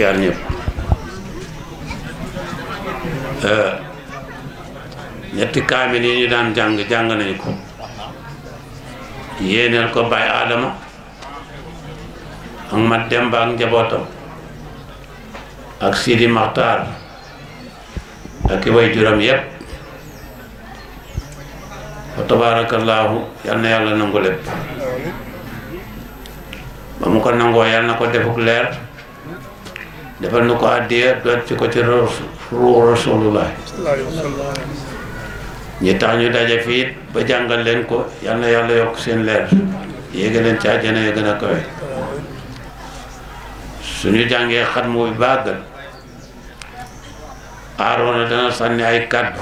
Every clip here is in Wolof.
Euh, ñetti kaamil yi ñu daan jàng jàng nañu ko yéeneel ko Baay Aadama ak Mat Demba njabootam ak Sidi Maxtaar ak i way juram yépp wa tabaarakallaahu yal yàlla nangu lépp ba mu ko nangoo yal na ko defuk leer defal nu ko àddiya doot ci ko ci ruu ñi tax ñu daje fii ba jàngal leen ko yal na yàlla yokk seen leer yéege leen ci àjjana ya gën a kawe ñu jàngee xatmu bi bàggal aaroona dana sànni ay kàddu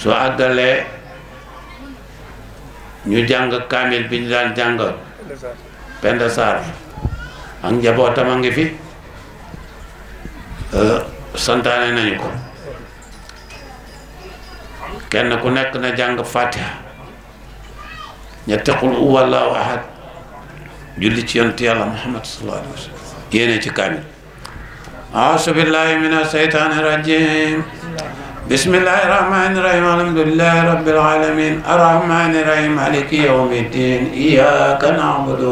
su àggalee ñu jàng kaamil bi ñu daan jàngal penda ak njabootam a ngi fi euh, santaane nañu ko kenn ku nekk na jàng fatiha ñetti qul huwallahu ahad julli ci yonent yàlla muhammad sallallahu alayhi wa sallam yéene ci kaamil aùzu billahi mina shaytaani rahim alhamdulillahi rabbil alamin arrahmani rahim maliki yawmiddin iyyaka na'budu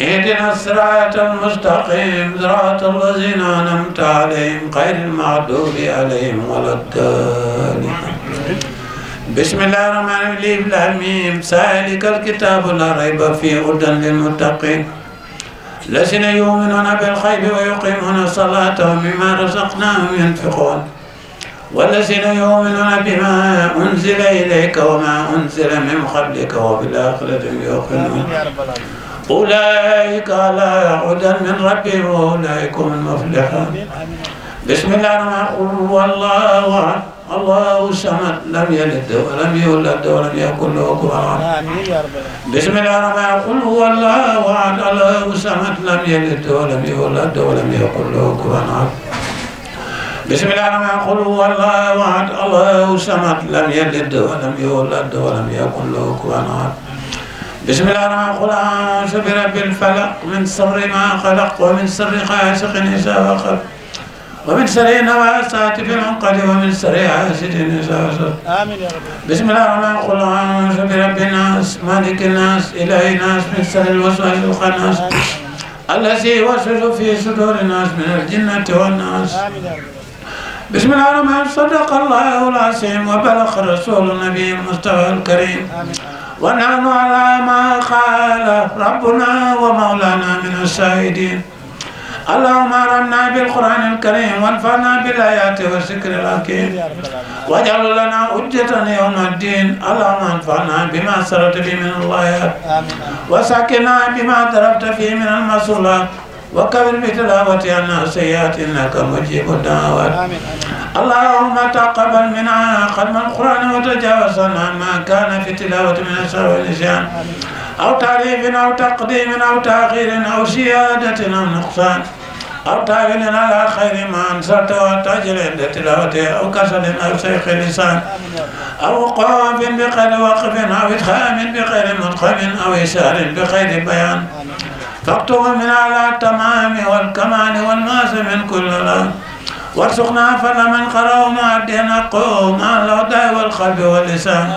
اهدنا الصراط المستقيم صراط الذين انعمت عليهم غير المغضوب عليهم ولا الضالين بسم الله الرحمن الرحيم الحميم سالك الكتاب لا ريب فيه هدى للمتقين الذين يؤمنون بالخير ويقيمون الصلاة ومما رزقناهم ينفقون والذين يؤمنون بما أنزل إليك وما أنزل من قبلك وبالآخرة يوقنون أولئك على هدى من ربهم وأولئك هم المفلحون بسم الله الرحمن الرحيم والله أحد الله الصمد لم يلد ولم يولد ولم يكن له كفوا بسم الله الرحمن الرحيم قل هو الله احد الله الصمد لم يلد ولم يولد ولم يكن له كفوا بسم الله الرحمن الرحيم قل هو الله احد الله الصمد لم يلد ولم يولد ولم يكن له كفوا بسم الله الرحمن قل أعوذ برب الفلق من سر ما خلق ومن سر غاسق إذا وقب ومن سر النواسات في العقد ومن سر حاسد إذا حسد آمين يا رب بسم الله الرحمن الرحيم قل أعوذ برب الناس مالك الناس إله الناس من سر الوسواس الخناس الذي يوسوس في صدور الناس من الجنة والناس بسم الله الرحمن الرحيم صدق الله العظيم وبلغ رسول النبي المصطفى الكريم آمين. ونحن على ما قال ربنا ومولانا من الشاهدين اللهم ارنا بالقران الكريم وانفعنا بالايات والذكر الحكيم واجعل لنا حجة يوم الدين اللهم انفعنا بما سرت به من الله وسكنا بما ضربت فيه من المسؤولات وكبر بتلاوة عنا سيئات إنك مجيب الدعوات اللهم تقبل منا ختم القرآن وتجاوز عن ما كان في تلاوة من السر والنسيان أو تعريف أو تقديم أو تأخير أو زيادة أو نقصان أو تعبير على خير ما أنصرت وتجل عند تلاوته أو كسل أو شيخ لسان أو وقوف بخير وقف أو إدخام بخير مدخل أو إشار بخير بيان آمين. فاكتب من على التمام والكمال والناس من كل الأرض وارزقنا فلا من قرأه مع الدين قوم على والقلب واللسان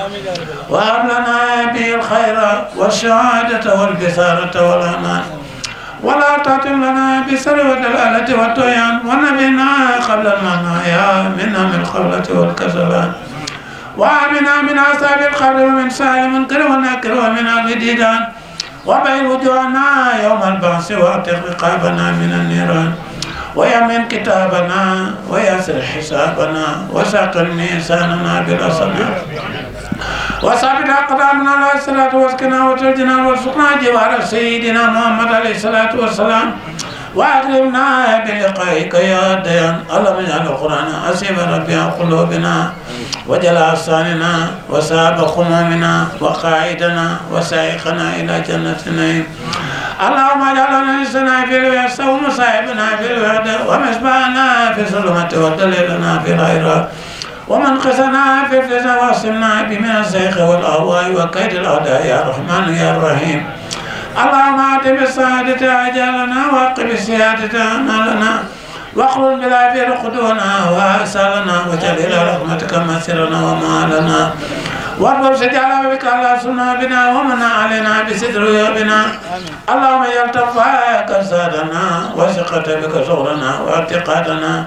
وهب لنا به الخير والشهادة والبثارة والأمان ولا تتم لنا بسر الآلة والطيان ونبينا قبل المنايا منا من القولة والكسلان وآمنا من أصحاب القبر ومن سالم من ومن ونكر ومن عبد وبين وجوهنا يوم البعث واعتق رقابنا من النيران ويمن كتابنا ويسر حسابنا وساقل ميزاننا بالأصنات وثابت أقدامنا على الصلاة واسكنا وترجنا وارزقنا جوار سيدنا محمد عليه الصلاة والسلام وأكرمنا بلقائك يا ديان اللهم اجعل القرآن أسيب ربيع قلوبنا وجل أصاننا وساب خمومنا وقائدنا وسائقنا إلى جنة النعيم اللهم اجعل رئيسنا في الوسط ومصاحبنا في الوحدة ومسبحنا في ظلمة ودليلنا في غيرها ومن قسنا في الفزع واصلنا بمن الزيغ والأهواء وكيد الأعداء يا رحمن يا رحيم اللهم آت بالسعادة أجالنا وأقم بالسيادة أمالنا واخرج بلا في رقدونا وأسرنا وجل إلى رحمتك مسيرنا ومالنا واضرب على بك على بنا ومن علينا بسدر يومنا اللهم يلتفاك كسادنا وثقة بك صغرنا واعتقادنا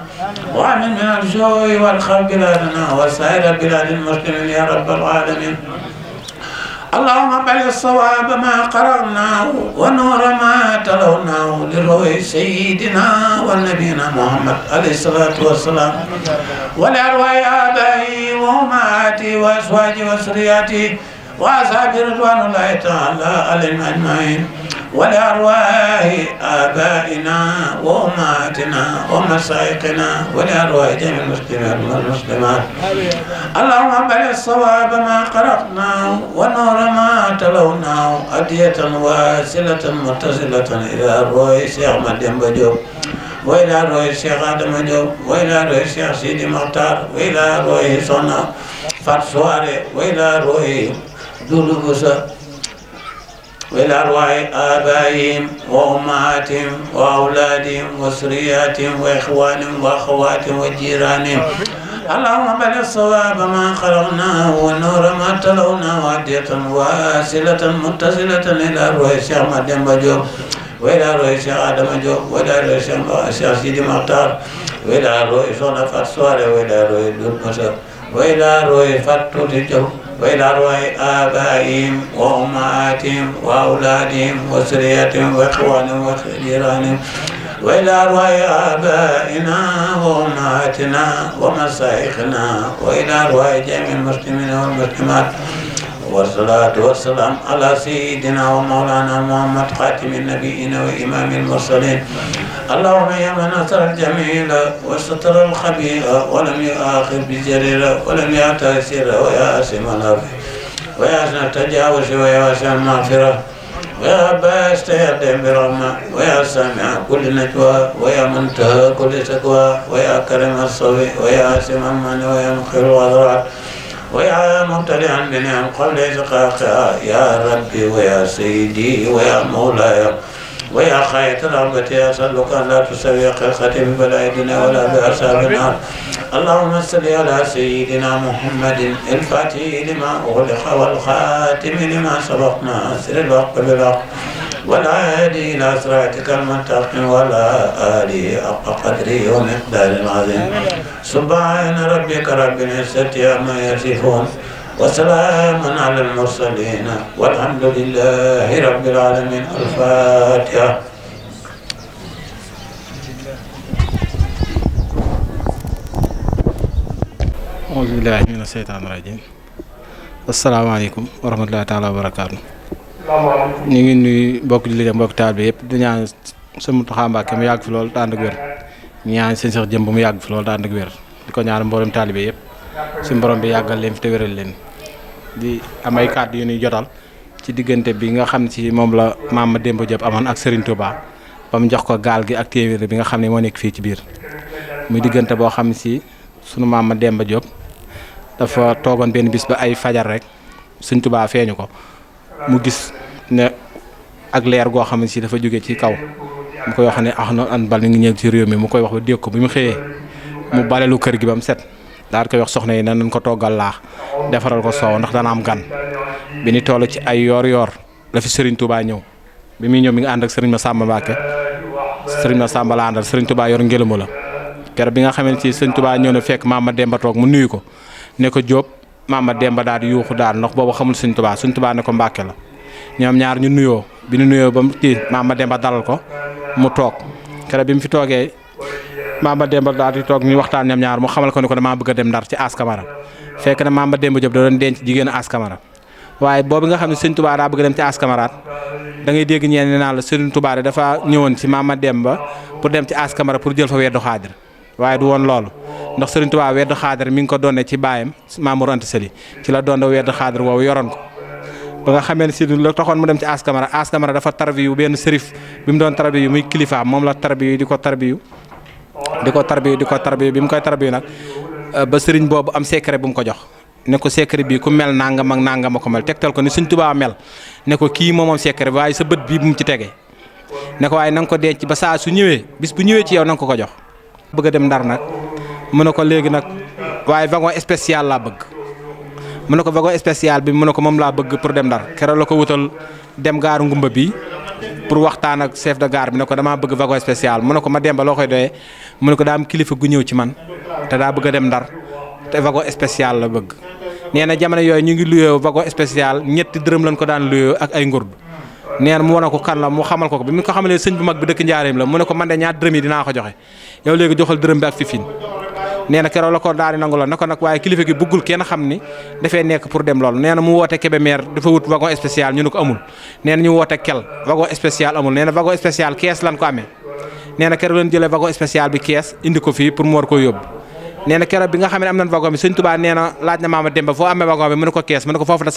وامن من الجوع والخلق بلادنا وسائر بلاد المسلمين يا رب العالمين اللهم بلغ الصواب ما قرأناه ونور ما تلوناه لروح سيدنا ونبينا محمد عليه الصلاة والسلام ولأرواح آبائي وأمهاتي وأزواجي وسرياتي وأصحابي رضوان الله تعالى عليهم أجمعين ولأرواح آبائنا وأمهاتنا ومشايخنا ولأرواح جميع المسلمين والمسلمات اللهم بلغ الصواب ما قرأناه ونور ما تلوناه أدية واصلة متصلة إلى أرواح شيخ مدين بجوب وإلى أرواح شيخ آدم بجوب وإلى أرواح شيخ سيدي مختار وإلى أرواح صنع فرسواري وإلى أرواح دولو بوسا وإلى آبائهم وأمهاتهم وأولادهم وسرياتهم وإخوانهم وأخواتهم وجيرانهم اللهم بلغ الصواب ما خلقناه والنور ما تلوناه وادية واصلة متصلة إلى أرواح الشيخ مدين بجوب وإلى أرواح الشيخ آدم بجوب وإلى أرواح الشيخ سيدي مختار وإلى أرواح صنف الصالح وإلى أرواح الدود مصر وإلى أرواح فتوت الجوب وإلى أرواح آبائهم وأمهاتهم وأولادهم وسريتهم وإخوانهم وجيرانهم وإلى أرواح آبائنا وأمهاتنا ومسائخنا وإلى أرواح جميع المسلمين والمسلمات والصلاة والسلام على سيدنا ومولانا محمد خاتم النبيين وإمام المرسلين اللهم يا من أثر الجميل وستر الخبيئ ولم يؤاخذ بجريرة ولم يعتسر ويا أسم الأرض ويا أسم التجاوز ويا أسم المغفرة ويا باست يا برحمة ويا سامع كل نجوى ويا منتهى كل سكوى ويا كرم الصبي ويا أسم المعنى ويا مخير الغضرات ويا مبتلعا بنعم قبل إزقاقها يا ربي ويا سيدي ويا مولاي ويا خيط رغبتي أسألك أن لا تسوي خلقتي ببلائدنا ولا بأسابنا اللهم صل على سيدنا محمد الفاتح لما أغلق والخاتم لما سبق ناصر الوقت بالوقت يهدي إلى صراطك المنتقم ولا آلي حق قدري ومقدار العظيم سبحان ربك رب العزة عما يصفون وسلام على المرسلين والحمد لله رب العالمين الفاتحة أعوذ بالله من الشيطان الرجيم السلام عليكم ورحمة الله تعالى وبركاته ñu ngi nuyu mbokk jullit ak mbokk taal bi yëpp di ñaan sëñ Mountakha Mbacké mu yàgg fi loolu te ànd ak wér ñaan sëñ Cheikh Jëmb mu yàgg fi loolu te ak wér di ko ñaan mboolem taalibe yëpp suñu borom bi yàggal leen fi te wéral leen di am ay kàddu yu ñuy jotal ci diggante bi nga xam si moom la maam ma Demba Diop amoon ak Serigne Touba ba mu jox ko gaal gi ak téeméer bi nga xam ne moo nekk fii ci biir muy diggante boo xam si sunu maam ma Demba Diop dafa toogoon benn bis ba ay fajar rek Serigne Touba feeñu ko mu gis ne ak leer goo xam ne si dafa jóge ci kaw mu koy wax ne ax ah, na an bal mi ngi ñëw ci réew mi mu koy wax ba dégg ko bi mu xëyee mu balelu kër gi ba mu set daal koy wax soxna yi nan nañ ko toggal laax defaral ko soow ndax dana am gan bi ni toll ci ay yoor yoor la fi Serigne Touba ñëw bi muy ñëw mi nga ànd ak Serigne Massamba Mbacké Serigne Massamba la àndal Serigne Touba yor ngelamu la keroog bi nga xamante ni Serigne Touba ñëw na fekk maam ma Demba toog mu nuyu ko maama Demba daal di yuuxu daal ndox boobu xamul suñ tubaa suñ tubaa ne ko mbàkke la ñoom ñaar ñu nuyoo bi ñu nuyoo ba mu ba dem ba dalal ko mu toog kere bi mu fi toogee maama ba daal di toog ñu waxtaan ñoom ñaar mu xamal ko ne ko damaa bëgg dem ndar ci askamara fekk na maama Demba Diop da doon denc jigéen askamara waaye boobu nga xam ne sëñ Touba daa bëgg dem ci askamaraat da ngay dégg ñeen ne la la sëñ Touba dafa ñëwoon ci dem ba pour dem ci askamara pour jël fa weddu xaadir waye du won loolu ndax Serigne Touba wedd xaadar mi ngi ko donné ci bayam Mamour Anta seli ci la donné wedd xaadar woowu yoron ko ba nga xamé ne si taxone mu dem ci askamara askamara dafa tarbiyu ben serif bimu don tarbiyu muy khalifa mom la tarbiyu di ko tarbiyu di ko tarbiyu di ko tarbiyu bimu koy tarbiyu nak euh, ba serigne bobu am secret bu mu ko jox ne ko secret bi ku mel nangam ak nangam ko mel tektal ko ni serigne touba mel ne ko ki moom am secret waye sa beut bi bimu ci tege ne ko waye nang ko denc ba sa su ñewé bis bu ñewé ci yow nang ko ko jox bëgg dem ndar nag mu ne ko léegi nag waaye wagon spécial laa bëgg mu ne ko wagon spécial bi mu ne ko moom laa bëgg pour dem ndar keroog la ko wutal dem gaaru ngumba bi pour waxtaan ak chef de gare bi ne ko damaa bëgg wagon spécial mun ne ko ma dem ba loo koy doyee mu ne ko daa am kilifa gu ñëw ci man te daa bëgg a dem ndar te wagon spécial la bëgg nee na jamono yooyu ñu ngi luyoo wagon spécial ñetti dërëm lañ ko daan luyoo ak ay ngurdu neen mu wane ko kan la mu xamal ko ko bi mu ko xamalee sëñ bu mag bi dëkk njaareem la mu ne ko man de ñaar dërëm yi dinaa ko joxe léegi joxal dërëm bi ak fifin nee na keroog la ko daal nangu lool na ko waaye kilifa gi buggul kenn xam ni dafay nekk pour dem loolu nee mu woote kebe meer dafa wut wagon spécial ñu ne ko amul nee na ñu woote kel wagon spécial amul nee na wagon kees lan ko amee nee na keroog leen jëlee wagon spécial bi kees indi ko fii pour mu war koo yóbbu nee na keroog bi nga xam ne na laaj na ne ko kees mu ne ko foofu da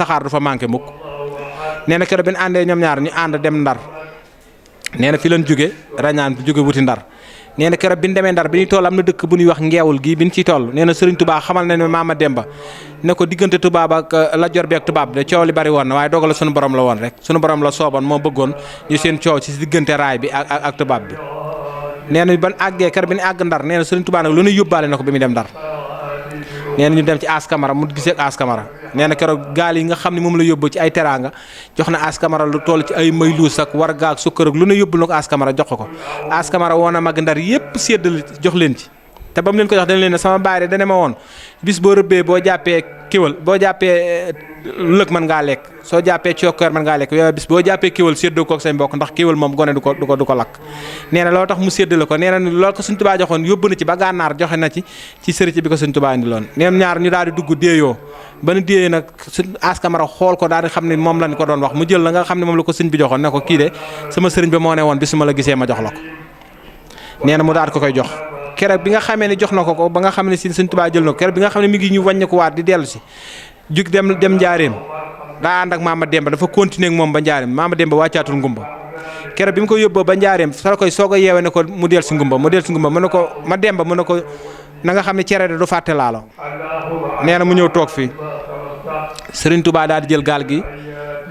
nee na keroog bi ñu àndee ñaar ñu and dem ndar nee fi lañ juggé rañaan bu juggé wuti ndar nee na keroog bi ñu demee ndar bi ñuy toll na dëkk bu wax ngéewul gi bi ñu toll nee sëriñ xamal na Demba ne ko diggante tubaab ak euh, la jor bi ak touba de ciow li bari won waye dogal suñu borom la won rek suñu borom la soban mo bëggoon ñu seen ciow ci digënté raay bi ak ak tubaab bi ban aggé keroog bi ñu àgg ndar nee na sëriñ tubaa lu ñu yobalé na bi dem ndar nee ñu dem ci askamara mu gisé askamara nee na keroog gaal yi nga xam ne moom la yóbbu ci ay teraanga jox na askamara lu tool ci ay mayluus ak war gaag sukkër ak lu ne yóbbul na ko askamara jox ko ko askamara woon a mag ndar yépp séddal jox leen ci te ba mu leen ko jox dañ leen ne sama baay dana ma woon bis boo rëbbee boo jàppee kéwal boo jàppee Luk man ngaa lekk soo jàppee cokkeer man nga lek yow bis boo jàppee kéwal seddo ko ak say mbokk ndax kéwal moom gone du ko du ko du ko lak néna lo tax mu seddel ko néna lo ko seigne touba joxone yobbu na ci ba ganar joxé na ci ci sërëci bi ko seigne touba indi lon ñoom ñaar ñu daal di dugg déeyoo ban nu nak nag su xol ko daal di xamni mom lañ ko doon wax mu jël la nga xamni mom la ko seigne bi joxone nako ki dé sama bi mo ne woon la gisé ma jox lako ko mu daal ko koy jox kérok bi nga xamé ni jox nako ko ba nga xamné seigne touba jël nako kérok bi nga xamné mi ngi ñu wañé ko waat di si jug dem dem njaareem daa ànd maam ma Demba dafa continuer moom ba njaareem maama Demba wàccaatul ngumba kere bi mu ko yóbboo ba njaareem sala koy soog a yeewee ne ko mu del si ngumba mu del si ngumba mu ne ko ma Demba mu ne ko na xam ne cere de du fàtte laalo nee na mu ñëw toog fii Serigne Touba daal di jël gaal gi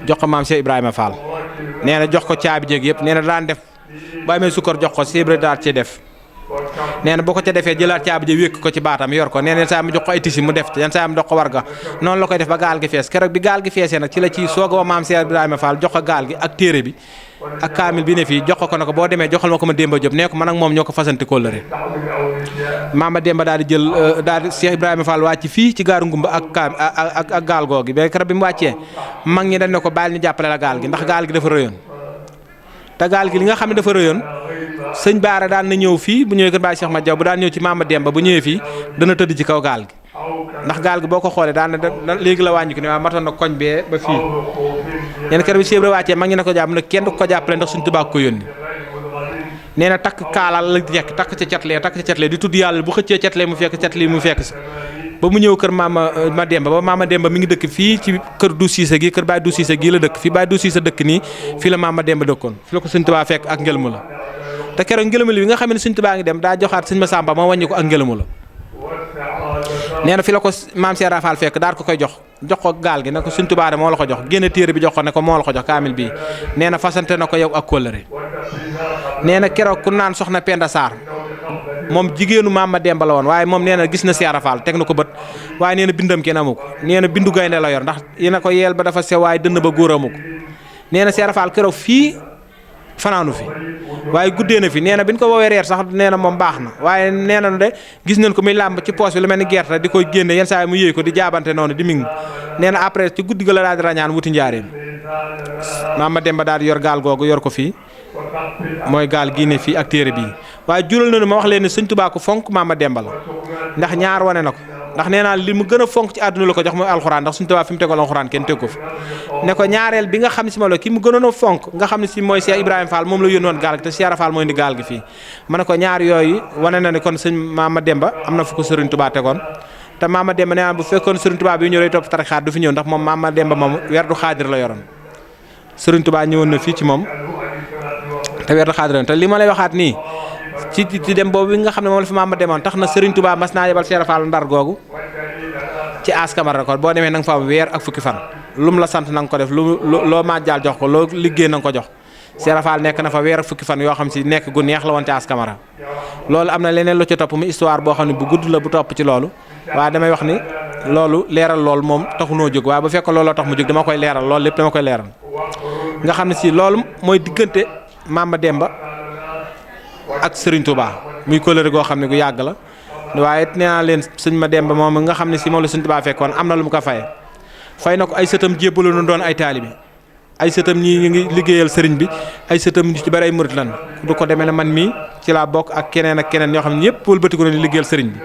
jox ko maam Cheikh Ibrahima Fall nee na jox ko caabi jéeg yëpp nee na daan def ba amee sukkar jox ko Cheikh Ibrahima daal cee def. nee na boo ko ca defee jëlaat caabi ja wékk ko ci baatam yor ko nee na yenn saa mu jox ko ay tisi mu def yenn saa mu jox ko warga noonu la koy def ba gaal gi fees keroog bi gaal gi feesee nag ci la ci soog a maam Cheikh Ibrahima Fall jox ko gaal gi ak téere bi ma ko ma Demba ko man ak moom ñoo ko fasante kóllëre maama Demba daal di euh, keroog bi mu wàccee mag ñi dañ ne ko bàyyil ñu jàppale la gaal gi ndax gaal gi dafa rëyoon te gaal gi li nga xam ne dafa rëyoon sëñ Baara daan na ñëw fii bu ñëwee kër Baay Cheikh Mat Jaw bu daan ñëw ci Maama Demba bu ñëwee fii dana tëdd ci kaw gaal gi ndax gaal gi boo ko xoolee daan na léegi la wàññi ko ne na koñ bee ba fii bi Cheikh Ibra wàccee mag ñi ne ko jàpp ne kenn du ko jàppale ndax suñ tubaab ko nee na takk kaalaal la nekk takk ca catlee takk ca catlee di tudd yàlla bu xëccee catlee mu fekk catlee mu fekk si ba mu ñëw kër maama euh, ma Demba ba maama Demba mi ngi dëkk fii ci kër du siise gi kër baay du siise gii la dëkk fii baay du siise dëkk nii fii la maama Demba dëkkoon fi la ko suñ tubaab fekk ak ngel mu la te keroog ngëlëmal bi nga xam ne Sëñ Tuubaa ngi dem daa joxaat Sëñ Masamba ma wàññi ko ak ngëlëmu la na fi la ko maam Seera Faal fekk daal ko koy jox jox ko gaal gi ne ko Sëñ Tuubaa de moo la ko jox génn téere bi jox ko ne ko moo la ko jox kaamil bii nee na fasante na ko yow ak kóllëre nee na keroog ku naan soxna Penda Sarr moom jigéenu maam ma Demba la woon waaye moom nee na gis na Seera Faal teg na ko bët waaye nee na bindam kenn amu ko nee na bindu gaynde la yor ndax yi ko yeel ba dafa sew waaye dënn ba góor amu fanaanu fi waaye guddee na fi nee na bi ñu ko woowee reer sax nee na moom baax na waaye nee na de gis nañ ko muy làmb ci poos bi lu mel ni gerte di koy génne yenn saa yi mu yëy ko di jaabante noonu di ming nee na après ci guddi ga la daal di rañaan wuti njaareem maama Demba daal di yor gaal googu yor ko fii mooy gaal gii ne fii ak téere bii waaye jural na ma wax leen ne sëñ Tuubaa ko fonk maama Demba la ndax ñaar wane na ko. ndax nee li mu gën a fonk ci àdduna la ko jox mooy alxuraan ndax suñu tubaab fi mu tegoon alxuraan kenn teg ko fi ne ko ñaareel bi nga xam ne si ma la ki mu gënoon a fonk nga xam ne si mooy Cheikh Ibrahima Fall moom la yónnoon gaal gi te Cheikh Fall mooy indi gaal gi fii ma ne ko ñaar yooyu wane na ne kon sëñ Maama Demba am na fu ko Serigne Touba tegoon te ma Demba nee naa bu fekkoon Serigne Touba bi ñëw lay topp tarixaat fi ñëw ndax moom Maama Demba moom werdu xaadir la yoroon Serigne Touba ñëwoon na fii ci moom te werdu xaadir la te li ma lay waxaat nii ci ci dem boobu bi nga xam ne moom la fi maam ma demoon tax na Serigne Touba mas naa yebal Cheikh Fall Ndar googu ci aas kamara kon boo demee na nga fa am weer ak fukki fan lu la sant na nga ko def lu loo màjjaal jox ko loo liggéey na nga ko jox Cheikh Fall nekk la woon ci aas kamara loolu am na leneen lu topp mu histoire boo xam ne bu gudd la bu topp ci loolu waaye damay wax ni loolu leeral loolu moom taxunoo jóg waaye bu fekk looloo tax mu jóg dama koy leeral loolu lépp dama koy leeral nga xam ne si ak Serigne Touba muy kóllëre goo xam ne gu yàgg la waaye it leen sëñ ma demba moom nga xam ne si moom la sëñ Touba fekkoon am na lu mu ko faye fay na ko ay sëtam jébbalu nu doon ay taalibi ay sëtam ñii ñu ngi liggéeyal sëriñ bi ay sëtam ñu ci bari ay murit lan du ko demee ne man mii ci laa bokk ak keneen ak keneen ñoo xam ne ñëpp wëlbatiku nañu liggéeyal sëriñ bi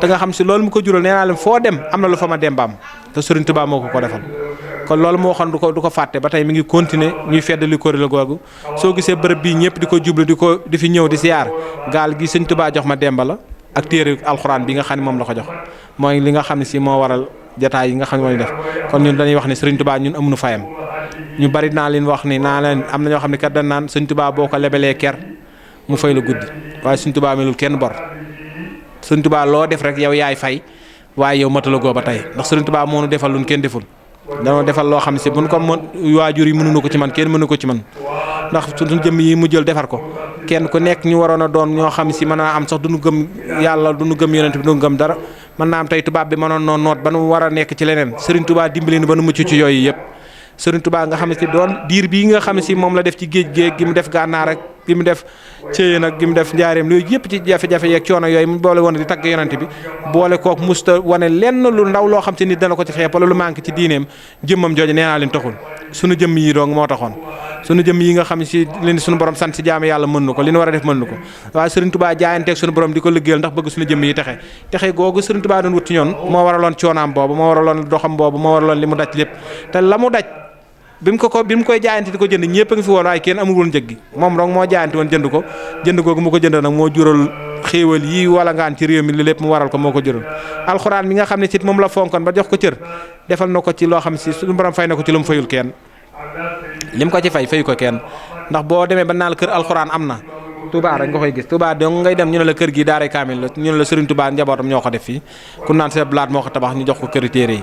te nga xam si loolu mu ko jural nee naa leen foo dem am na lu fa ma dembaam te Serigne moo ko ko defal ko lol mo waxoon du ko du ko mi ngi continuer ñuy feddali kuréel googu gogu so gisé bërb bi ñepp ko jublu di ko di fi ñëw di ziar gal gi sëñ Tuubaa jox ma Demba la ak téré alcorane bi nga xam mom la ko jox moy li nga si mo waral jatai yi nga xam ne def kon ñun dañuy wax ni sëriñ Tuubaa ñun amuñu fayam ñu bari na leen wax ni na leen am na ñoo xam ne kat dañ naan sëñ Tuubaa boko lebelé ker mu fay la guddi way sëñ Tuubaa melul kenn bor lo def rek yow yaay fay yow ba batay ndax sëriñ mo nu defal luñu kenn deful danoo defal loo xam si buñ ko mën waajur yi mënuñu ko ci man kenn mënu ko ci man ndax suñu jëmm yi mu jël defar ko kenn ku nekk ñu waroon a doon ñoo xam si man naa am sax duñu gëm yàlla duñu gëm yonent bi duñu gëm dara mën naa am tey tubaab bi mënoon noon noot ba nu war a nekk ci leneen Serigne Touba dimbali na ba nu mucc ci yooyu yëpp Serigne Touba nga xam si doon diir bii nga xam si moom la def ci géej géej gi mu def gànnaar rek gi mu def céyéen ak gi mu def njaareem yooyu yëpp ci jafe-jafe yeeg coono yooyu mu boole woon di tagg yonent bi boole kook musta wane lenn lu ndaw loo xam te ni dana ko ci xeeb wala lu manqué ci diineem jëmmam jooju nee leen taxul sunu jëmm yi dong moo taxoon sunu jëmm yi nga xam si leen sunu borom sant si jaamu yàlla mën nu ko li nu war a def mën nu ko waaye Serigne Touba jaayanteeg sunu borom di ko liggéeyal ndax bëgg sunu jëmm yi texe texe googu Serigne bim ko ko bim koy jaayante diko jënd ñepp a ngi fi woon waaye keen amul won jëg gi mom rong mo jaayante won jënd ko jënd ko mu ko jënd nak mo jural xewal yi wala ngaan ci réew mi li lepp mu waral ko moko jural alxuraan mi nga xam ci mom la fonkon ba jox ko cër defal nako ci lo xam ci suñu borom fay nako ci lu mu fayul keen lim ko ci fay fayu ko keen ndax bo demee ba nal kër alxuraan amna na Touba rek nga koy gis Touba do ngay dem ñu la kër gi daara kamil la ñu la Serigne Touba njabotam ñoko def fi ku naan sa blaat moko tabax ñu jox ko kër téré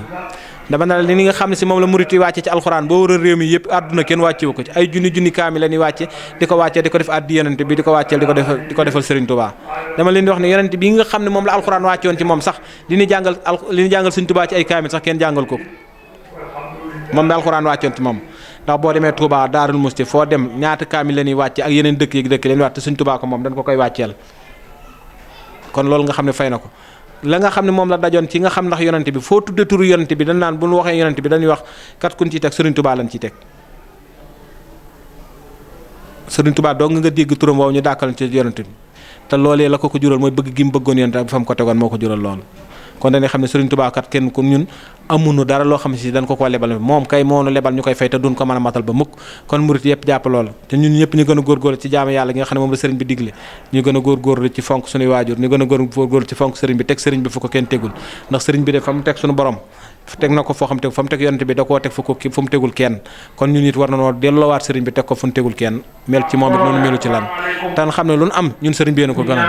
dama ne li nga xam ne si moom la murit yi wàcce ci alxuraan boo wër réew mi yëpp àdduna kenn wàcce wu ko ci ay junni junni kaami la wàcce di ko wàccee di ko def addi yonent bi di ko wàcceel di ko defal Serigne Touba dama leen di wax ne yonent bi nga xam ne moom la alxuraan wàcce woon ci moom sax li ñu jàngal li ñu jàngal Serigne Touba ci ay kaamil sax kenn jàngal ko moom la alxuraan wàcce ci moom ndax boo demee Touba Daarul Musti foo dem ñaata kaami la ñuy wàcce ak yeneen dëkk yi dëkk leen wàcce Serigne Touba ko moom dañ ko koy wàcceel kon loolu nga xam ne fay na ko la nga xam ne moom la dajoon ci nga xam ndax yonent bi foo tudde turu yonent bi dañ naan bu ñu waxee yonent bi dañuy wax kat kun ciy teg Serigne Touba lañ ciy teg Serigne Touba doo nga dégg turam woowu ñu dàkkal ci yonent bi te loolee la ko ko jural mooy bëgg gi mu bëggoon yonent ak fa mu ko tegoon moo ko jural loolu kon dañuy xam ne Serigne Touba kat kenn ku ñun amunu dara loo xam si dañ ko ko lebal moom kay moonu lebal ñu koy fay te duñ ko mën a matal ba mukk kon murit yëpp jàpp loola te ñun ñëpp ñu gën a góorgóorlu ci jaamu yàlla gi nga xam ne moom la sëriñ bi digle ñu gën a góorgóorlu ci fonk suñuy waajur ñu gën a góorgóorlu ci fonk sëriñ bi teg sëriñ bi fu ko kenn tegul ndax sëriñ bi de teg suñu borom teg na ko foo xam te fa mu teg yonent bi fu ko fu mu tegul kenn kon ñun it war na noo delloowaat sëriñ bi teg ko fu mu tegul kenn mel ci moom it noonu melu ci lan tan xam ne ñun sëriñ bi na ko gënal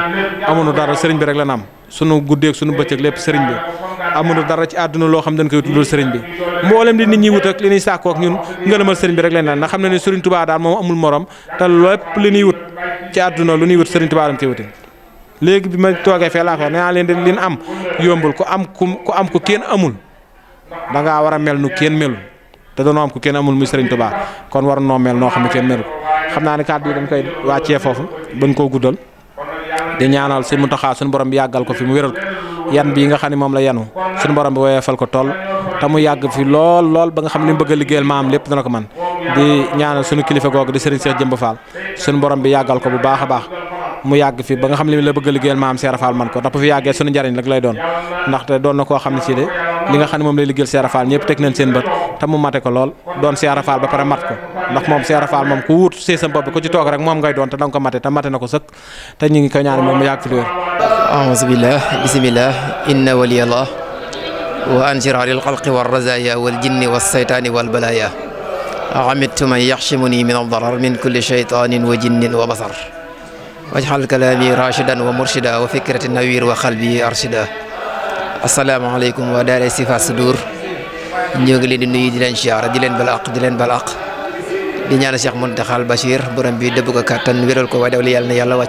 amuñu dara sëriñ bi rek la na am sunu guddeeg sunu bëccëg lépp sëriñ bi amuñu dara ci àdduna loo xam dañ koy tuddul sëriñ bi mboolem li nit ñi wut ak li ñuy sàkkoo ak ñun ngërëmal sëriñ bi rek leen naan ndax xam ne ne sëriñ Tuubaa daal moom amul morom te lépp li ñuy wut ci àdduna lu ñuy wut sëriñ Tuubaa dañ koy wuti léegi bi ma toogee fee laa naa leen di leen am yombul ku am ku am ku kenn amul da ngaa war a mel nu kenn melu te danoo am ku kenn amul muy Serigne Touba kon war a noo mel noo xam ne kenn melu xam naa ne kàddu yi dañ koy wàccee foofu bañ koo guddal di ñaanal mu Muntaxa suñu borom bi yàggal ko fi mu wéral ko yan bii nga xam ne moom la yanu suñu borom bi woyefal ko toll te mu yàgg fi lool lool ba nga xam ne li mu bëgg a liggéeyal maam lépp dana ko man di ñaanal suñu kilifa googu di Serigne Cheikh Jëmb Fall suñu borom bi yàggal ko bu baax a baax mu yàgg fi ba nga xam ne la bëgg a liggéeyal maam cheikh rafal man ko ndax fi yagge suñu njariñ rek lay doon ndax te doon na koo xam ne de li nga xam mom lay liggéeyal cheikh rafal ñëpp tek nañ seen bëtt ta mu mate ko lool doon cheikh rafal ba pare mat ko ndax mom cheikh rafal mom ku wut seesam bopp bi ku ci tok rek mom ngay doon ta dang ko mate ta mate nako sëkk ta ñi ngi ko ñaan mom mu yàgg fi lu wér aouzu billah bismillah inna waliyallah wa anjir alil xalqi wal razaya wal jinni was saytaani wal balaya عمدت من يحشمني من الضرر من كل شيطان وجن وبصر واجعل كلامي راشدا ومرشدا وفكرة النوير وقلبي أرشدا السلام عليكم ودار استفاء صدور ñu ngi leen balak, nuyu balak. Dinyana siyaara di leen balaq di leen balaq di ñaanal Cheikh Mountakha Bachir borom bi dëbb ko kàttan wéral ko waaye dawli yàlla na yàlla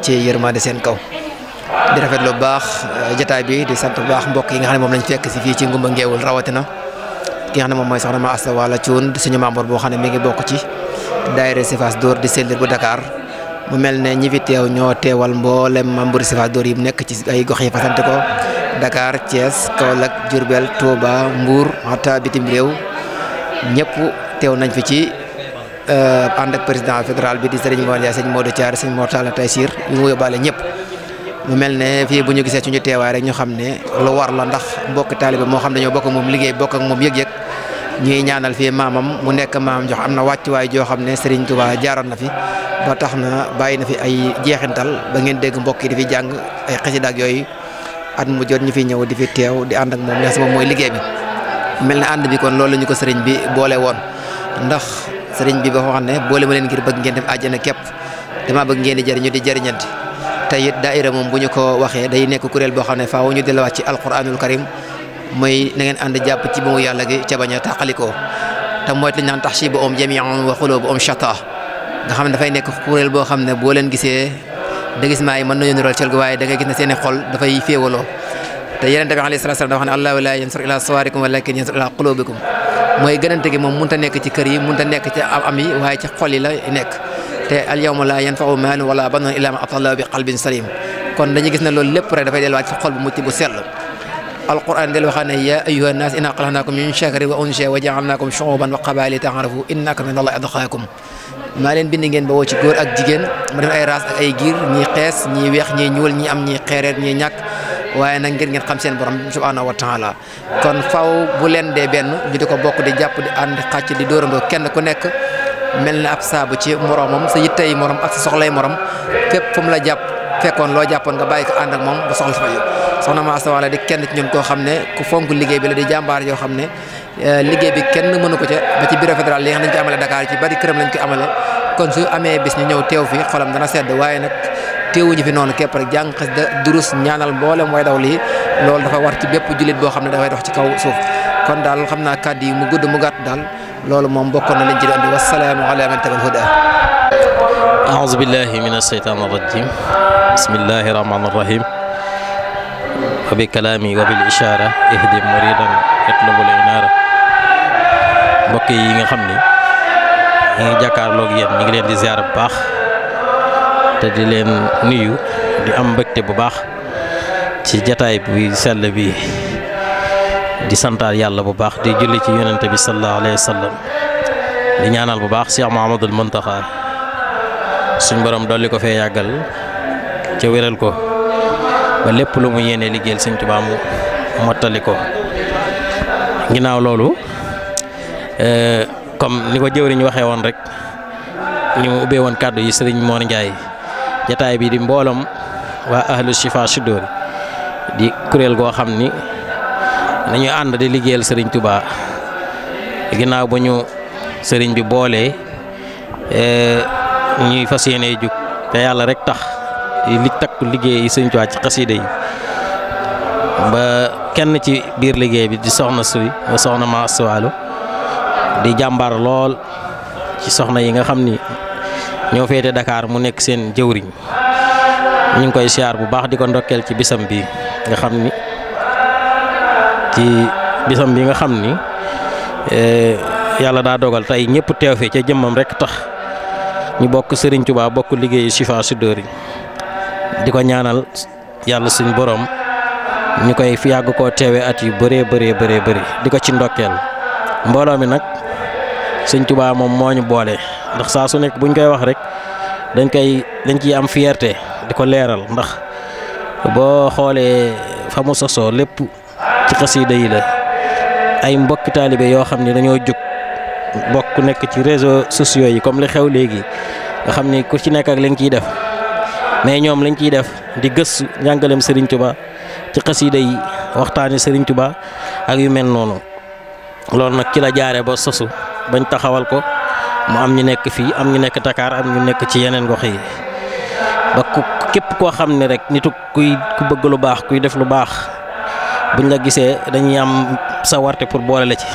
di rafet lu baax eh, bi di sant bu mbokk yi nga xam ne moom fekk si fii ci ngumba ngeewul rawatina ki di selir bu mu melne ñi fi tew ño teewal mbollem membre Chifa Dóor yi nek ci ay gox yi fasante ko Dakar Thiès kaolak jurbel toba Mbour hatta bitim rew ñepp tew nañ fi ci and euh, ak président fédéral bi di Serigne Mor Ndiaye Serigne Modou tiar Serigne Mor Taysir ñu mu yóbbaale mu mel ne bu ñu gisee rek ñu xamné lu war la ndax mbokk taaliba mo xam ñoo bokk mom liggéey bokk ak mom yëg-yëg ñuy ñaanal fii maamam mu nekk maam jox am na wàccuwaay joo xam ne Serigne Touba jaaroon na fi ba tax na bàyyi na fi ay jeexintal ba ngeen dégg mbokk yi di fi jàng ay xasida ak yooyu at mu jot ñu fi ñëw di fi teew di ànd ak moom li mooy liggéey mel na ànd bi kon loolu la ñu ko Serigne bi boole woon ndax Serigne bi ba wax ne boole ma leen ngir bëgg ngeen dem àjjana képp dama bëgg ngeen di jëriñu di jëriñante te it daayira moom bu ñu ko waxee day nekk kuréel boo xam ne faaw ñu delluwaat ci alquranul karim moy na ngeen ànd jàpp ci bu yàlla gi ci baña a ta moy mooy naan tahsibu um ba wa xuloo shata nga xamne da fay nek kurel bo xamne bo boo leen gisee da gis maa man mën ñu rol ci gi way da nga gis na seen xol da fay feewolo te yeren tabi alayhi salatu wa sallam xam ne allahu laa yansur ila sawarikum walakin yansur ila qulubikum moy gënante gi mom mu ta nek ci kër yi mu ta nek ci am yi way ci xol yi la nek te al yawma la yanfau maalun wala banuun illa ma ataa bi qalbin salim kon dañu gis na lool lépp rek da dafay delluwaat ci xol bu mutti bu sel alquran del waxaa ne yaa ayyuha nnaas inaa xalaqnaakum min shakarin wa unsa wa jaalnaakum shuuban wa qabaa'ila ta'aarafu inna akramakum inda llaahi atqaakum maa leen ak jigéen ma def ay raas ay giir ñii xees ñii weex ñii ñuul ñii am ñii xeereer ñii ñàkk waaye nag ngir ngeen xam seen borom subhaanahu wa taala kon faw bu leen dee benn ñu di ko bokk di jàpp di ànd xàcc di dóorandoo kenn ku nekk mel na ab saabu ci moromam sa yittay moroom ak sa soxlay morom fépp fu mu la jàpp fekkon lo jàppoon nga bayiko and ak mom bu soxla fa yo soxna ma wala di kenn ci ñun ko xamne ku fonku liggey bi la di jambar yo xamne eh, liggey bi kenn mënu ko ci ba ci bureau fédéral li nga ci amale Dakar ci bari kërëm lañ ko amale kon su amé bis ñu ñew tew fi xolam dana sedd nak tewu ñu fi noonu kep rek jang xas da durus ñaanal mboolem way daw li lool dafa war ci bépp julit bo xamne da fay dox ci kaw suuf kon dal xamna kaddi mu gudd mu gatt dal lool mom bokkoon na ci di andi man tabal huda أعوذ بالله من الشيطان الرجيم بسم الله الرحمن الرحيم وبكلامي وبالإشارة إهدي مريضا اطلب العنارة بكي ييغا خامني ني جاكارلوك يين ني غي دي زيارة باخ تا دي لين نيو دي ام بكتي بو باخ سي جتاي بي سل بي دي سانتار يالا بو باخ دي جولي سي يونت بي صلى الله عليه وسلم دي نيانال بو باخ سي محمد المنتخب suñ borom doli ko fe yagal ci wëral ko ba lepp lu mu yene liggéeyal señ tuba mu mottali ko lolu euh comme ni ko jëwriñ waxé won rek ni mu ubbee woon yi señ mo Ndiaye jotaay bi di mbolam wa ahlu shifa sudóor di kurel go xamni ni dañu sering di liggéeyal señ tuba ginaaw bañu señ bi euh ñuy fas yéenee jug te yàlla rek tax li takku liggéey yi sëñ Tuubaa ci xasida yi ba kenn ci biir liggéey bi di soxna suy soxna ma astuwaalo di jàmbaar lool ci soxna yi nga xam ni ñoo féete dakaar mu nekk seen jëwriñ ñu ngi koy siyaar bu baax di ko ndokkeel ci bisam bi nga xam ni ci bisam bi nga xam ni eh, yàlla daa dogal tey ñëpp teew fi ca jëmmam rekk tax ñu bokk Serigne Touba bokk liggéeyu Chifa Sudori di ko ñaanal yàlla suñ boroom ñu koy yàgg koo teewee at yu bëree bëree bëree bëri di ko ci ndokkeel mbooloo mi nag sëñ Touba moom moo ñu boole ndax saa su nekk buñ koy wax rek dañ koy dañ ci am fierté di ko leeral ndax boo xoolee fa mu sosoo lépp ci xasida yi la ay mbokki taalibe yoo xam ne dañoo jóg bokk nekk ci réseaux sociaux yi comme li xew léegi nga xam ni ku ci nekk ak lañ ciy def mais ñoom lañ ciy def di gëstu njàngaleem Serigne Touba ci xës yi waxtaani Serigne Touba ak yu mel noonu loolu nag ci la jaare ba sosu bañ taxawal ko mu am ñu nekk fii am ñu nekk Dakar am ñu nekk ci yeneen gox yi ba ku képp koo xam ne rek nitu kuy ku bëgg lu baax kuy def lu baax buñ la gisee dañuy am sa warte pour boole la ci.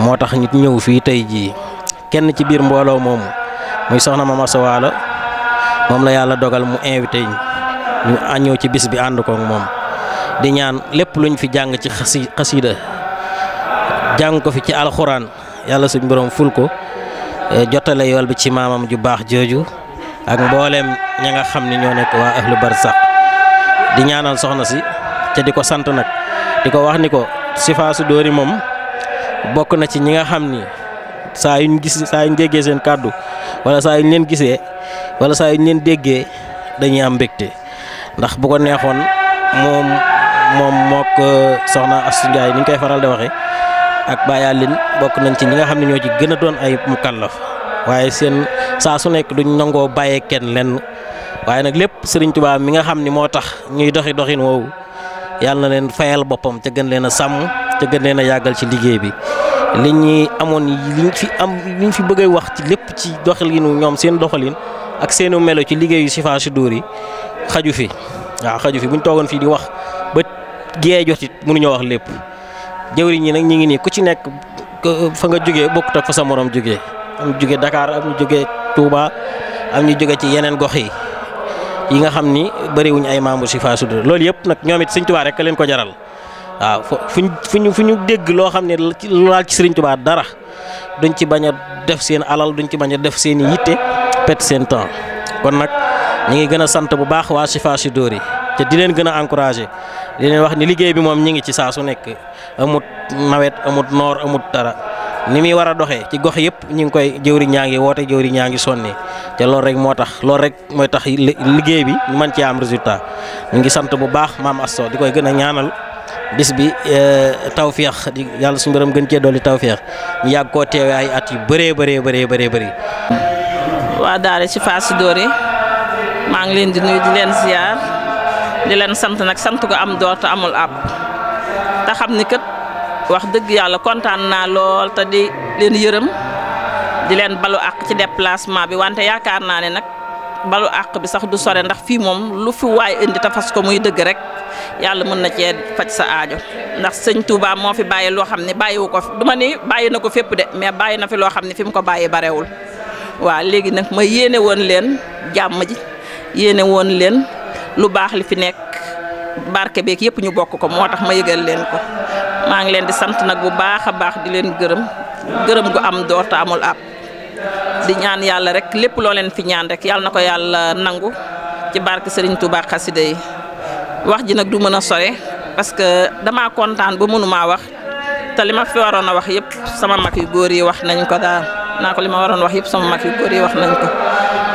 motax nit ñew fi tay ken kenn ci bir mbolo mom muy soxna Mama sawala mom la yalla dogal mu invité ñu ñëw ci bis bi and ko mom di ñaan lepp luñ fi jang ci qasida jang ko fi ci alquran yalla suñu borom ful ko e, jotale yol bi ci mamam ju bax joju ak mbollem ña nga xam ni ñoo nekk waa ahlu di ñaanal soxna si te diko ko sant nag ko wax ni ko bokk na ci ñi nga xam ni saa yuñ gis saa yuñ déggee seen kàddu wala saa yuñ leen gisee wala saa yuñ leen déggee dañuy am mbégte ndax bu ko neexoon moom moom mook euh, soxna Astou Ndiaye ni ñu koy faral di waxee ak Baye Aline bokk nañ ci ñi nga xam ne ñoo ci gën a doon ay mukallaf waaye seen saa su nekk duñ nangoo bàyyee kenn lenn waaye nag lépp Serigne Touba mi nga xam ni moo tax ñuy doxi doxin woowu yàlla na leen fayal boppam ca gën leen a sàmm. te gën yagal a ci liggéey bi li ñi amone liñ fi am liñ fi bëggay wax ci lepp ci doxalinu ñom seen doxalin ak seenu melo ci liggéeyu Chifa Soudour yi xaju fi waaw xaju fi buñ togon fi di wax ba gee ci mënu ñu wax lepp jëwriñ ñi nak ñi ngi ni ku ci nekk fa nga joggé bokkut tak fa sa morom joggé am joggé Dakar am joggé Touba am ñu joggé ci yenen gox yi yi nga xamni ni wuñ ay membres Chifa Soudour lool yëpp nak ñoom it Sëñ Tuubaa rek leen ko jaral ah, fuñ fuñu fuñu dégg lo xamné la ci Serigne Touba dara duñ ci baña def seen alal duñ ci baña def seen yité pet seen temps kon nak ñi ngi gëna sante bu baax wa sifa Chidori yi te di leen gëna encourager di leen wax ni liggéey bi mom ñi ngi ci sa su nekk amut nawet amut nor amut dara ni mi wara doxé ci gox yépp ñi ngi koy jëwri ñaangi ngi jëwri ñaangi sonné té lool rek motax lool rek moy tax liggéey bi man ci am résultat ñi ngi sante bu baax mam Asso di koy gën ñaanal bis bi eh, tawfiq di yàlla suñu borom gën ci doli tawfiq ya ko koo ay at yu béré béré béré béré béré wa Daara ci Fass doré ma ngi leen di nuyu di leen ziar di leen sant nak sant ko am doota amul ab ta xamni kat wax deug yalla contane na lol ta di leen yeureum di leen balu ak ci déplacement bi wante yaakaar naa ne balu ak bi sax du soré ndax fi mom lu fi way indi ta fas ko muy deug rek. yàlla mën na cee faj sa aajo ndax sëñ Touba moo fi bàyyi loo xam ne bàyyiwu ko du ma ni bàyyi na ko fépp de mais bàyyi na fi loo xam ne fi mu ko bàyyi barewul waaw léegi nag ma yéene woon leen jàmm ji yéene woon leen lu baax li fi nekk barke beek yépp ñu bokk ko moo tax ma yëgal leen ko maa ngi leen di sant nag bu baax a baax di leen gërëm gërëm gu am door te amul ab di ñaan yàlla rek lépp loo leen fi ñaan rek yàlla na ko yàlla nangu ci barke Serigne Touba xasida yi wax ji nag du mën a sore parce que damaa kontaan ba mënumaa wax te li ma fi waroon a wax yëpp sama mag yu góor yi wax nañ ko daal naa ko li ma waroon wax yëpp sama mag yu góor yi wax nañ ko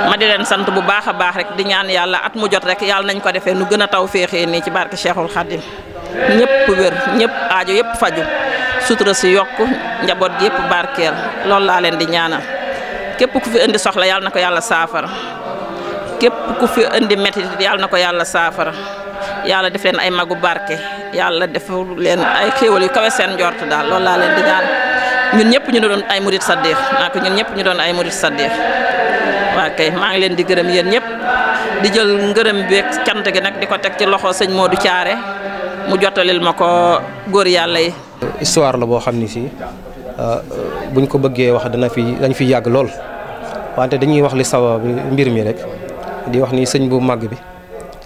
ma di leen sant bu baax a baax rek di ñaan yàlla at mu jot rek yàlla nañ ko defee nu gën a taw féexee nii ci barke Cheikhul Khadim ñëpp wér ñëpp aajo yëpp faju sutura si yokk njaboot gi yëpp loolu laa leen di ñaanal képp ku fi indi soxla yàlla na ko yàlla saafara képp ku fi indi métit yàlla na ko yàlla saafara yàlla def leen ay magu barke yàlla defal leen ay xéewal yu kawe seen njort daal loolu laa leen di ñaan ñun ñëpp ñu doon ay murit saddiix naa ko ñun ñëpp ñu doon ay murit saddiix waa kay maa ngi leen di gërëm yéen ñëpp di jël ngërëm beeg cant gi nag di ko teg ci loxo sëñ Modou Thiaré mu jottalil ma góor yàlla yi. histoire la boo xam ni si euh, buñ ko bëggee wax dana fi dañ fi yàgg lool wante dañuy wax li sabab mbir mi rek di wax ni sëñ bu màgg bi.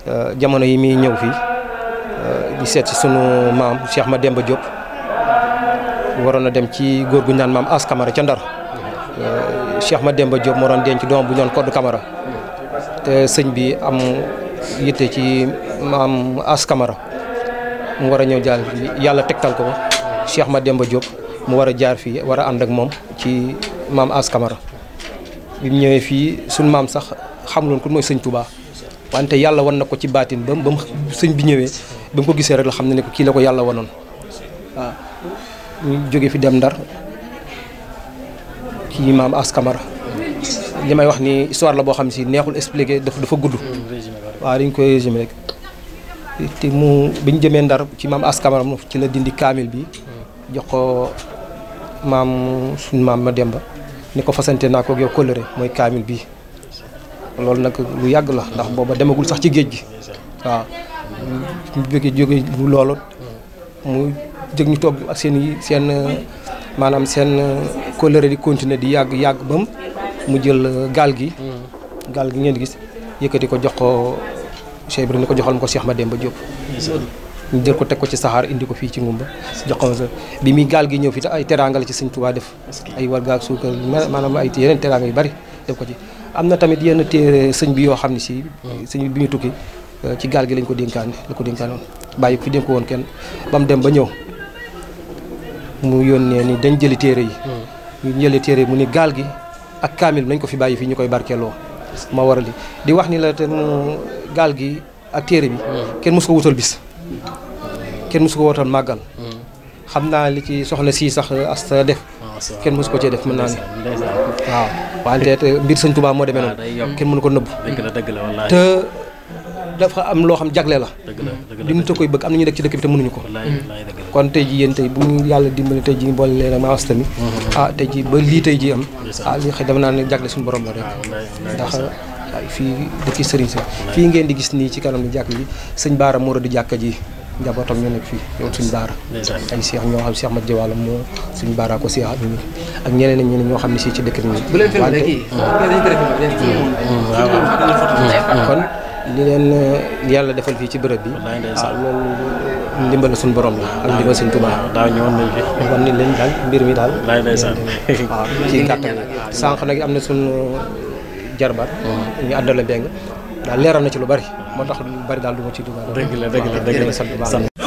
Euh, jamono yi mi ñew fi euh, di set ci sunu maam Cheikh Mademba Diop waroon dem ci gor gu ñaan maam As Camara ci Ndar euh, Cheikh demba Diop mo ron denc doom bu ñoon code Camara te señ bi am yitte ci mam As Camara mu wara ñew ñëw jaar fi yàlla tegtal ko Cheikh demba Diop mu wara jaar fi wara and ak mom ci mam As Camara bi ñewé fi fii sunu maam sax xamuloon ko moy señ Touba. wante yàlla wan na ko ci baatin ba mu sëñ bi ñëwee ba mu ko gisee rek la xam ne ne ko kii la ko yàlla wanoon waaw ñu jóge fi dem ndar kii maam askamara li may wax ni histoire la boo xam si neexul expliqué dafa dafa gudd waaw dañ koy résumé rek te mu bi ñu jëmee ndar ci maam askamara mu ci la dindi kaamil bi jox ko maam suñ maam ma demba ni ko fasante naa ko yow kóllëre mooy kaamil bii lolou nak lu yag la ndax boba demagul sax ci geejgi wa waaw ñu jóge jóge loolu mu jëg ñu tok ak seen seen manam seen colère di continuer di yag yag bam mu jël gal gi gal gi ngeen gis yëkëti ko jox ko Cheikh ibrahim ko joxal ma ko Cheikh Mademba Diop ñu jël ko tek ko ci sahar indi ko fi ci ngumba jox ko bi mi gal gi ñëw fi ay teranga la ci seigne touba def ay warga ak suukar manam ay yeneen teranga yu bari def ko ci am na tamit yenn téere sëñ bi yoo xam ne si. sëñ bi ñu tukki euh, ci gaal gi lañ ko dénkaane la ko dénkaane woon bàyyi fi dénk woon kenn ba mu dem ba ñëw mu yónnee ni dañ jëli téere yi. Hmm. ñu jëli téere yi mu ni gaal gi ak kaamil nañ ko fi bàyyi fii ñu koy barkeeloo. Hmm. ma waral li di wax ni la te mu gaal gi ak téere bi. Hmm. kenn mësu ko wutal bis. kenn mësu ko wutal màggal. xam naa li ci soxla sii sax asta def. kenn mosu ko cee def mën naa ne waaw wante mbir sëñ Tuubaa moo demee ah, noonu kenn mënu ko nëbb te dafa am loo xam jagle la di mu ta koy bëgg am na ñu nekk ci dëkk bi te mënuñu ko kon tey ji yéen tey bu ñu yàlla dimbali tey ji ñu boole leen ak maas tamit mhm. ah tey ji ba lii tey ji am ah li xëy dafa naa ne jagle suñu borom la rek ah, ndax ah, fii dëkki sëriñ si fii ngeen di gis nii ci kanam ni jàkk ji sëñ Baara Moro di jàkk ji njabootam ñu nekk fii yow suñu baara ay seex ñoo xam seex ma jiwaala moo suñu baara ko seex ak ñeneen ak ñeneen ñoo xam ne si ci dëkk bi ñu mm, mm, kon li leen yàlla defal fii ci bërëb bi ah, loolu eh, ndimbal suñu borom la ak ndimbal suñu tubaab daaw ñëwoon nañ fi kon ni leen daal mbir mi daal waaw ci sànq nag am na suñu jarbat mm. ñu àddala beng daal leeral na ci lu bari moo tax lu bari daal du ma ciy dugal. dëgg la dëgg la dëgg la